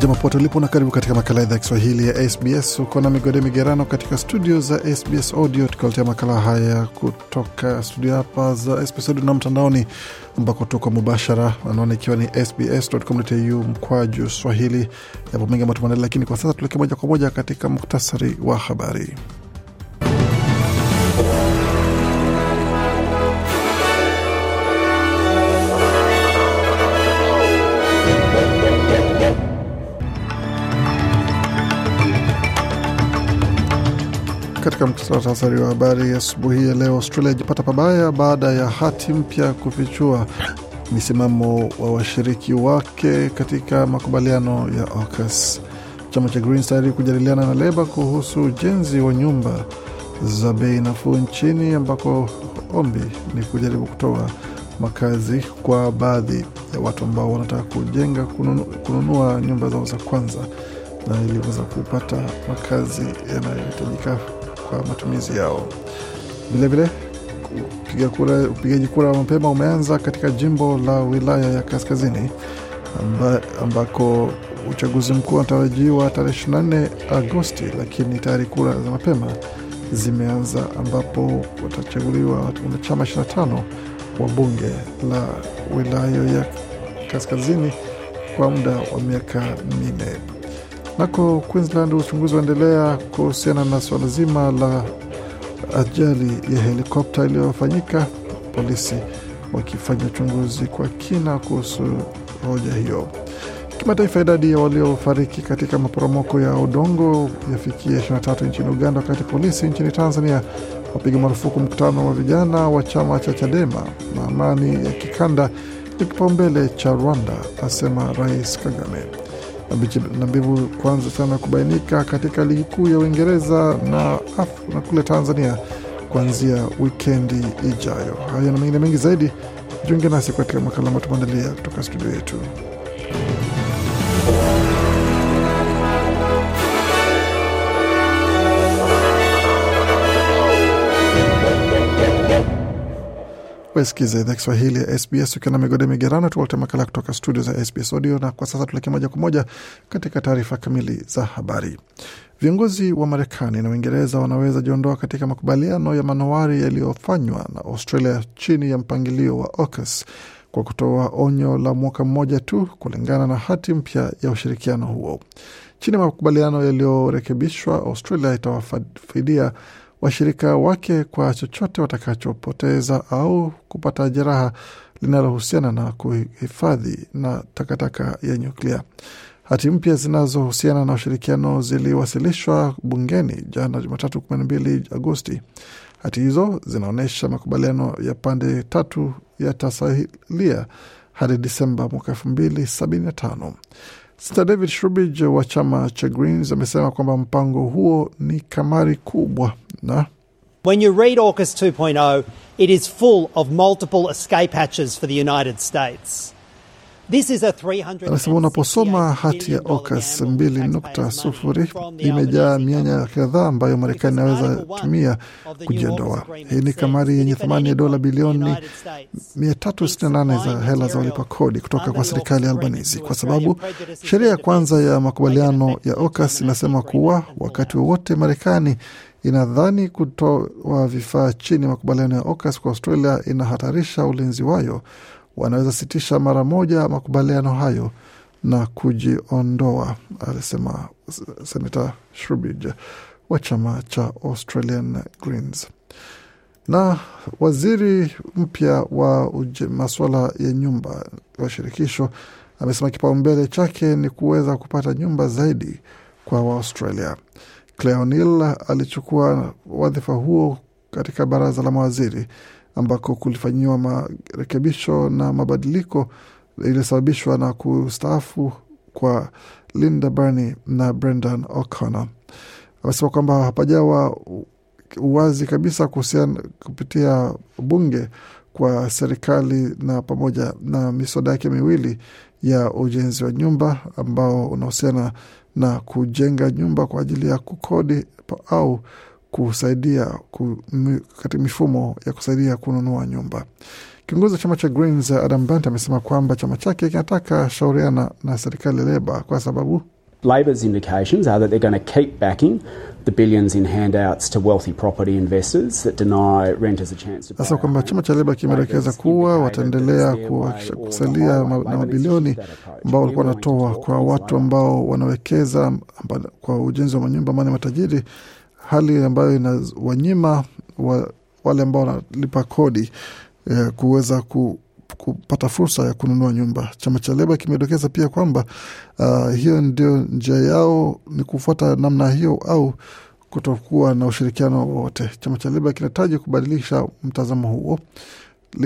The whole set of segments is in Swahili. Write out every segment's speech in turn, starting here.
Jambo pote ulipo na karibu katika makala idhaa ya Kiswahili ya SBS. Uko na migode migerano katika studio za SBS Audio, tukiwaletea makala haya kutoka studio hapa za SBS Audio na mtandaoni ambako tuko mubashara, anaona ikiwa ni sbs.com.au mkwaju swahili. Yapo mengi ambayo tumeandalia, lakini kwa sasa tuleke moja kwa moja katika muktasari wa habari. Katika muktasari wa habari asubuhi ya leo, Australia ajipata pabaya baada ya hati mpya kufichua misimamo wa washiriki wake katika makubaliano ya ocas Chama cha Greens tayari kujadiliana na Leba kuhusu ujenzi wa nyumba za bei nafuu nchini, ambako ombi ni kujaribu kutoa makazi kwa baadhi ya watu ambao wanataka kujenga, kununua nyumba zao za kwanza na ili kuweza kupata makazi yanayohitajika kwa matumizi yao. Vilevile upigaji kura wa mapema umeanza katika jimbo la wilaya ya Kaskazini amba, ambako uchaguzi mkuu unatarajiwa tarehe 24 Agosti, lakini tayari kura za mapema zimeanza ambapo watachaguliwa wanachama 25 wa bunge la wilaya ya Kaskazini kwa muda wa miaka minne. Nako Queensland, uchunguzi waendelea kuhusiana na swala zima la ajali ya helikopta iliyofanyika, polisi wakifanya uchunguzi kwa kina kuhusu hoja hiyo. Kimataifa, idadi ya waliofariki katika maporomoko ya udongo yafikia 23 nchini Uganda, wakati polisi nchini Tanzania wapiga marufuku mkutano wa vijana wa chama cha Chadema na amani ya kikanda ni kipaumbele cha Rwanda, asema Rais Kagame na mbivu kuanza sana kubainika katika ligi kuu ya Uingereza na, na kule Tanzania kuanzia wikendi ijayo. Haya na mengine mengi zaidi, jiunge nasi katika makala ambayo tumeandalia kutoka studio yetu. Wasikiza idhaa Kiswahili ya SBS ukiwa na migode migerano, tuwalete makala kutoka studio za SBS Audio. Na kwa sasa tuleke moja kwa moja katika taarifa kamili za habari. Viongozi wa Marekani na Uingereza wanaweza jiondoa katika makubaliano ya manowari yaliyofanywa na Australia chini ya mpangilio wa AUKUS kwa kutoa onyo la mwaka mmoja tu, kulingana na hati mpya ya ushirikiano huo. Chini ya makubaliano yaliyorekebishwa, Australia itawafaidia washirika wake kwa chochote watakachopoteza au kupata jeraha linalohusiana na kuhifadhi na takataka ya nyuklia. Hati mpya zinazohusiana na ushirikiano ziliwasilishwa bungeni jana Jumatatu, 12 Agosti. Hati hizo zinaonyesha makubaliano ya pande tatu yatasalia hadi Disemba mwaka tano. Sir David Shrubridge wa chama cha Greens amesema kwamba mpango huo ni kamari kubwa na When you read AUKUS 2.0, it is full of multiple escape hatches for the United States. Anasema unaposoma hati ya OCAS 2.0 imejaa mianya kadhaa ambayo Marekani inaweza tumia kujiondoa. Hii ni kamari yenye thamani ya dola bilioni 368 za hela za walipa kodi kutoka kwa serikali ya Albanisi, kwa sababu sheria ya kwanza ya makubaliano ya OCAS inasema kuwa wakati wowote Marekani inadhani kutoa vifaa chini ya makubaliano ya OCAS kwa Australia inahatarisha ulinzi wayo wanaweza sitisha mara moja makubaliano hayo na kujiondoa, alisema senata Shubridge wa chama cha Australian Greens. Na waziri mpya wa masuala ya nyumba wa shirikisho amesema kipaumbele chake ni kuweza kupata nyumba zaidi kwa Waaustralia. cleonil alichukua wadhifa huo katika baraza la mawaziri ambako kulifanyiwa marekebisho na mabadiliko iliyosababishwa na kustaafu kwa Linda Burney na Brendan O'Connor. Amesema kwamba hapajawa uwazi kabisa kuhusiana kupitia bunge kwa serikali na pamoja na miswada yake miwili ya ujenzi wa nyumba ambao unahusiana na kujenga nyumba kwa ajili ya kukodi au kusaidia kati mifumo ya kusaidia kununua nyumba. Kiongozi wa chama cha Greens Adam Bant amesema kwamba chama chake kinataka shauriana na serikali Leba kwa sababu Labor's indications are that they're going to keep backing the billions in handouts to wealthy property investors that deny renters a chance to buy. Sasa kwamba chama cha Leba kimeelekeza kuwa wataendelea kusalia na mabilioni ambao walikuwa wanatoa kwa watu ambao wanawekeza kwa ujenzi wa manyumba, mane matajiri hali ambayo inawanyima wa, wale ambao wanalipa kodi eh, kuweza ku, kupata fursa ya kununua nyumba. Chama cha Leba kimedokeza pia kwamba uh, hiyo ndio njia yao ni kufuata namna hiyo au kutokuwa na ushirikiano wowote. Chama cha Leba kinahitaji kubadilisha mtazamo huo.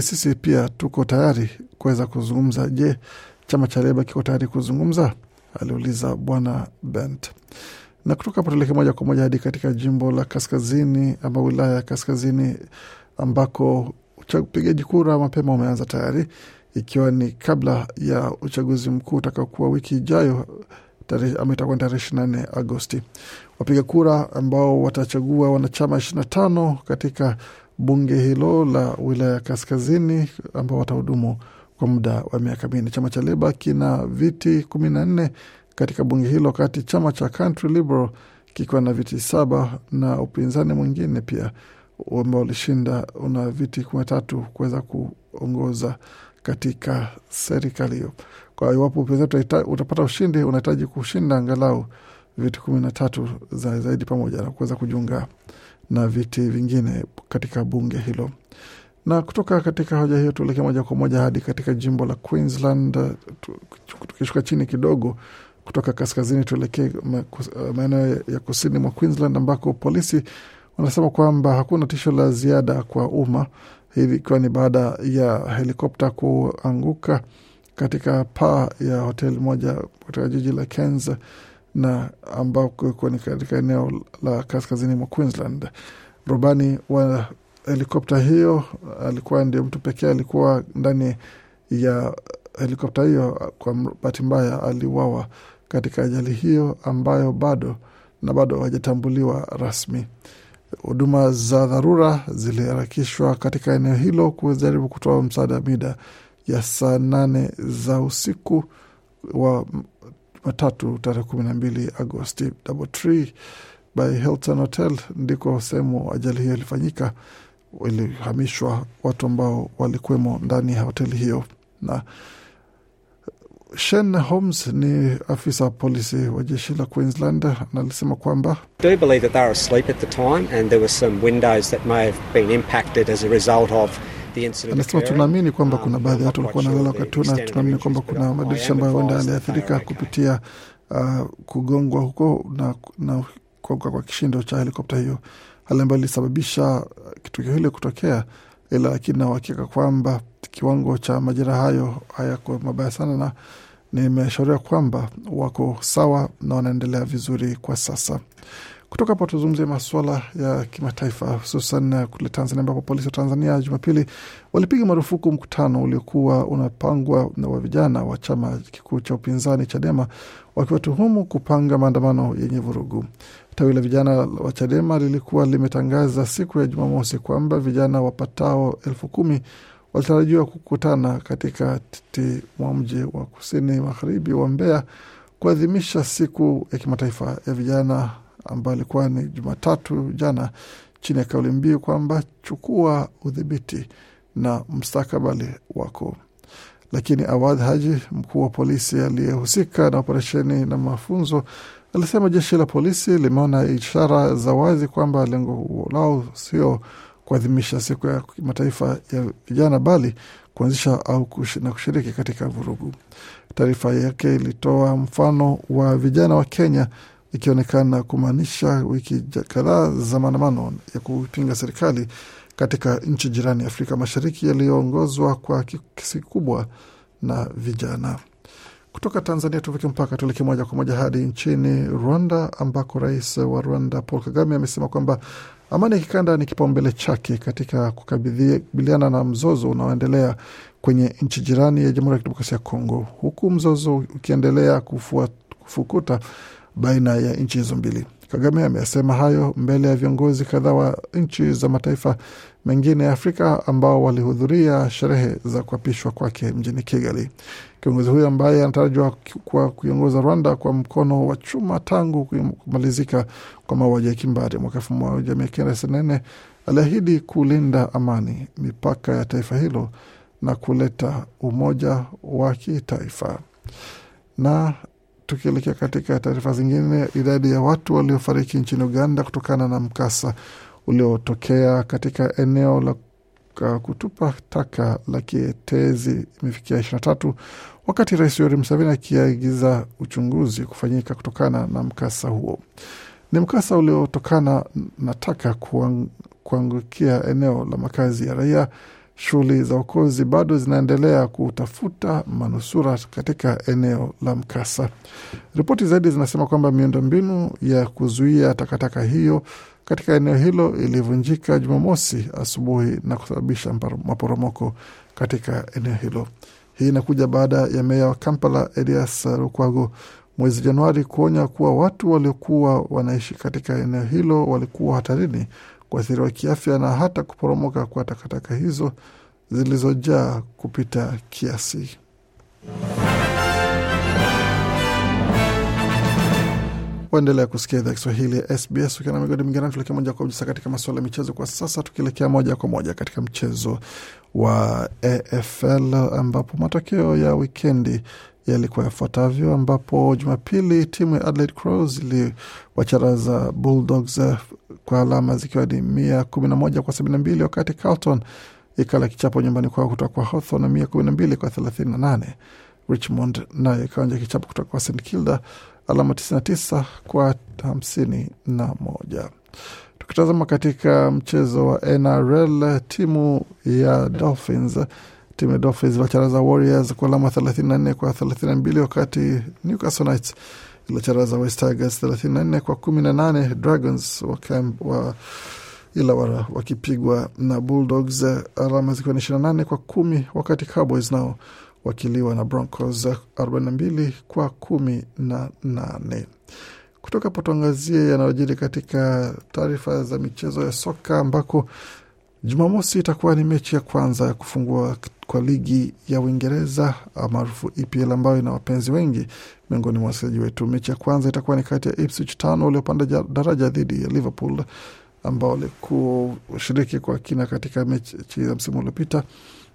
Sisi pia tuko tayari kuweza kuzungumza. Je, chama cha Leba kiko tayari kuzungumza? aliuliza Bwana Bent. Na kutoka hapo tuelekee moja kwa moja hadi katika jimbo la kaskazini ama wilaya ya kaskazini ambako upigaji kura mapema umeanza tayari, ikiwa ni kabla ya uchaguzi mkuu utakaokuwa wiki ijayo ama itakuwa tarehe ishirini na nne Agosti. Wapiga kura ambao watachagua wanachama ishirini na tano katika bunge hilo la wilaya ya kaskazini ambao watahudumu kwa muda wa miaka minne. Chama cha Leba kina viti kumi na nne katika bunge hilo, wakati chama cha Country Liberal kikiwa na viti saba na upinzani mwingine pia ambao ulishinda una viti kumi na tatu kuweza kuongoza katika serikali hiyo. Kwa iwapo upinzani utapata ushindi, unahitaji kushinda angalau viti kumi na tatu za zaidi, pamoja na kuweza kujiunga na viti vingine katika bunge hilo. Na kutoka katika hoja hiyo tuelekee moja kwa moja hadi katika jimbo la Queensland, tukishuka chini kidogo kutoka kaskazini tuelekee eh, maeneo ya kusini mwa Queensland ambako polisi wanasema kwamba hakuna tisho la ziada kwa umma, hivi ikiwa ni baada ya helikopta kuanguka katika paa ya hoteli moja katika jiji la Cairns na ambako ni katika eneo la kaskazini mwa Queensland. Rubani wa helikopta hiyo eh, alikuwa ndio mtu pekee alikuwa ndani ya helikopta hiyo, kwa bahati mbaya aliuawa katika ajali hiyo ambayo bado na bado hawajatambuliwa rasmi. Huduma za dharura ziliharakishwa katika eneo hilo kujaribu kutoa msaada mida ya saa nane za usiku wa matatu tarehe kumi na mbili Agosti. Doubletree by Hilton Hotel ndiko sehemu ajali hiyo ilifanyika, ilihamishwa watu ambao walikuwemo ndani ya hoteli hiyo na Shen Holmes ni afisa wa polisi wa jeshi la Queensland na alisema kwamba anasema tunaamini kwamba kuna um, baadhi ya watu walikuwa nalala wakati na tunaamini kwamba kuna madirisha ambayo huenda yaliathirika kupitia uh, kugongwa huko na, na kuanguka kwa kishindo cha helikopta hiyo, hali ambayo ilisababisha uh, kitukio hilo kutokea ila lakini nauhakika kwamba kiwango cha majira hayo hayako mabaya sana, na nimeshauria kwamba wako sawa na wanaendelea vizuri kwa sasa. Kutoka hapo tuzungumzie masuala ya kimataifa, hususan kule Tanzania, ambapo polisi wa Tanzania Jumapili walipiga marufuku mkutano uliokuwa unapangwa na wa vijana wa chama kikuu cha upinzani Chadema, wakiwatuhumu kupanga maandamano yenye vurugu. Tawi la vijana wa Chadema lilikuwa limetangaza siku ya Jumamosi kwamba vijana wapatao elfu kumi walitarajiwa kukutana titi mwa mji wa kusini magharibi wa Mbeya kuadhimisha siku ya kimataifa ya vijana ambayo ilikuwa ni Jumatatu jana chini ya kauli mbiu kwamba chukua udhibiti na mstakabali wako. Lakini Awadh Haji, mkuu wa polisi aliyehusika na operesheni na mafunzo, alisema jeshi la polisi limeona ishara za wazi kwamba lengo lao sio kuadhimisha siku ya kimataifa ya vijana, bali kuanzisha au kush, na kushiriki katika vurugu. Taarifa yake ilitoa mfano wa vijana wa Kenya ikionekana kumaanisha wiki kadhaa za maandamano ya kupinga serikali katika nchi jirani ya Afrika Mashariki yaliyoongozwa kwa kesi kubwa na vijana. Kutoka Tanzania tuvuke mpaka tuleke moja kwa moja hadi nchini Rwanda, ambako rais wa Rwanda Paul Kagame amesema kwamba amani ya kikanda ni kipaumbele chake katika kukabiliana na mzozo unaoendelea kwenye nchi jirani ya Jamhuri ya Kidemokrasia ya Kongo, huku mzozo ukiendelea kufukuta baina ya nchi hizo mbili. Kagame amesema hayo mbele ya viongozi kadhaa wa nchi za mataifa mengine ya Afrika ambao walihudhuria sherehe za kuapishwa kwake mjini Kigali. Kiongozi huyo ambaye anatarajiwa kwa kuiongoza Rwanda kwa mkono wa chuma tangu kumalizika kwa mauaji ya kimbari mwaka elfu moja mia kenda tisini na nne aliahidi kulinda amani, mipaka ya taifa hilo na kuleta umoja wa kitaifa. Na Tukielekea katika taarifa zingine, idadi ya watu waliofariki nchini Uganda kutokana na mkasa uliotokea katika eneo la kutupa taka la Kietezi imefikia tatu, wakati Rais Yoweri Museveni akiagiza uchunguzi kufanyika kutokana na mkasa huo. Ni mkasa uliotokana na taka kuangukia eneo la makazi ya raia shughuli za uokozi bado zinaendelea kutafuta manusura katika eneo la mkasa. Ripoti zaidi zinasema kwamba miundo mbinu ya kuzuia takataka hiyo katika eneo hilo ilivunjika Jumamosi asubuhi na kusababisha maporomoko katika eneo hilo. Hii inakuja baada ya meya wa Kampala Elias Lukwago mwezi Januari kuonya kuwa watu waliokuwa wanaishi katika eneo hilo walikuwa hatarini kuathiriwa kiafya na hata kuporomoka kwa takataka hizo zilizojaa kupita kiasi. Waendelea kusikia idhaa Kiswahili ya SBS ukiwa na migodi mingine. tulekea moja kwa moja katika masuala ya michezo kwa sasa, tukielekea moja kwa moja katika mchezo wa AFL ambapo matokeo ya wikendi yalikuwa yafuatavyo, ambapo Jumapili timu ya Adelaide Crows iliwacharaza Bulldogs eh, kwa alama zikiwa ni mia kumi na moja kwa sabini na mbili wakati Carlton ikala kichapo nyumbani kwao kutoka kwa Hawthorn mia kumi na mbili kwa thelathini na nane Richmond nayo ikaonja kichapo kutoka kwa St Kilda alama 99 kwa 51. Tukitazama katika mchezo wa NRL, timu ya Dolphins Timu ya Dolphins wacharaza Warriors kwa alama 34 kwa 32, wakati Newcastle Knights ilicharaza West Tigers 34 kwa 18, Dragons wa camp wa ila wakipigwa na Bulldogs alama zikiwa ni 28 kwa kumi, wakati Cowboys nao wakiliwa na Broncos 42 kwa kumi na nane. Kutoka hapo tuangazie yanayojiri katika taarifa za michezo ya soka ambako Jumamosi itakuwa ni mechi ya kwanza ya kufungua kwa ligi ya Uingereza maarufu EPL ambayo ina wapenzi wengi miongoni mwa wachezaji wetu. Mechi ya kwanza itakuwa ni kati ya Ipswich Town waliopanda daraja dhidi ya Liverpool ambao walikuwa ushiriki kwa kina katika mechi za msimu uliopita,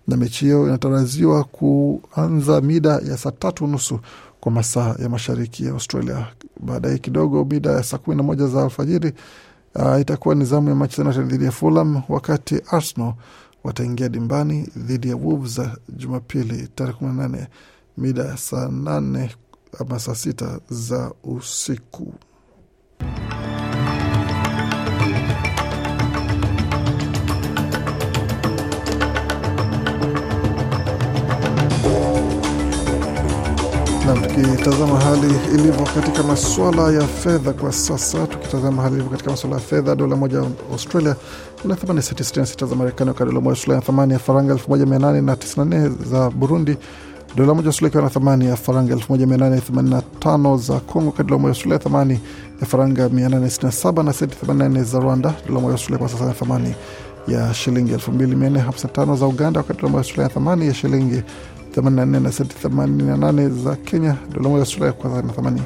na mechi hiyo inatarajiwa kuanza mida ya saa tatu nusu kwa masaa ya mashariki ya Australia, baadaye kidogo mida ya saa kumi na moja za alfajiri Uh, itakuwa ni zamu ya Manchester United dhidi ya Fulham, wakati Arsenal wataingia dimbani dhidi ya Wolves Jumapili tarehe kumi na nane mida saa nane ama saa sita za usiku. Tukitazama hali ilivyo katika masuala ya fedha kwa sasa, tukitazama hali ilivyo katika masuala ya fedha, dola moja ya Australia ina thamani senti sita za Marekani, wakati dola moja ya Australia ina thamani ya faranga elfu moja mia nane na nne za Burundi, dola moja ya Australia ikiwa na thamani ya faranga elfu moja mia nane na tano za Congo, wakati dola moja ya Australia thamani ya faranga mia nane 867 na senti nne za Rwanda. Dola moja ya Australia kwa sasa ina thamani ya shilingi elfu mbili mia nne na tano za Uganda, wakati dola moja ya Australia ina thamani ya shilingi 84 na senti 88 za Kenya, dola moja Australia ya kwanza na thamani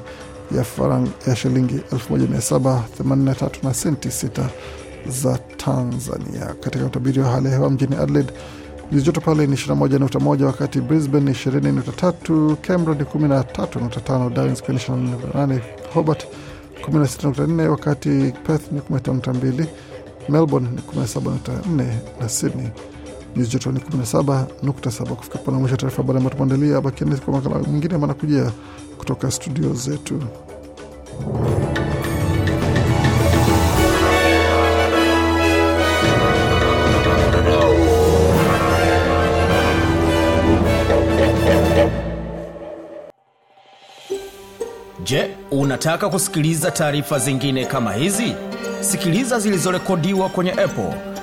ya faranga ya shilingi 1783 na senti 6 za Tanzania. Katika utabiri wa hali ya hewa mjini Adelaide nyuzi joto pale ni 21.1, wakati Brisbane ni 20.3, Canberra ni 13.5, Darwin ni 28, Hobart 16.4, wakati Perth ni 15.2, Melbourne ni 17.4 na Sydney nyuzi joto ni 17.7. Kufika pona mwisho taarifa habari ambayo tumeandalia, bakiani kwa makala mwingine manakujia kutoka studio zetu. Je, unataka kusikiliza taarifa zingine kama hizi? Sikiliza zilizorekodiwa kwenye Apple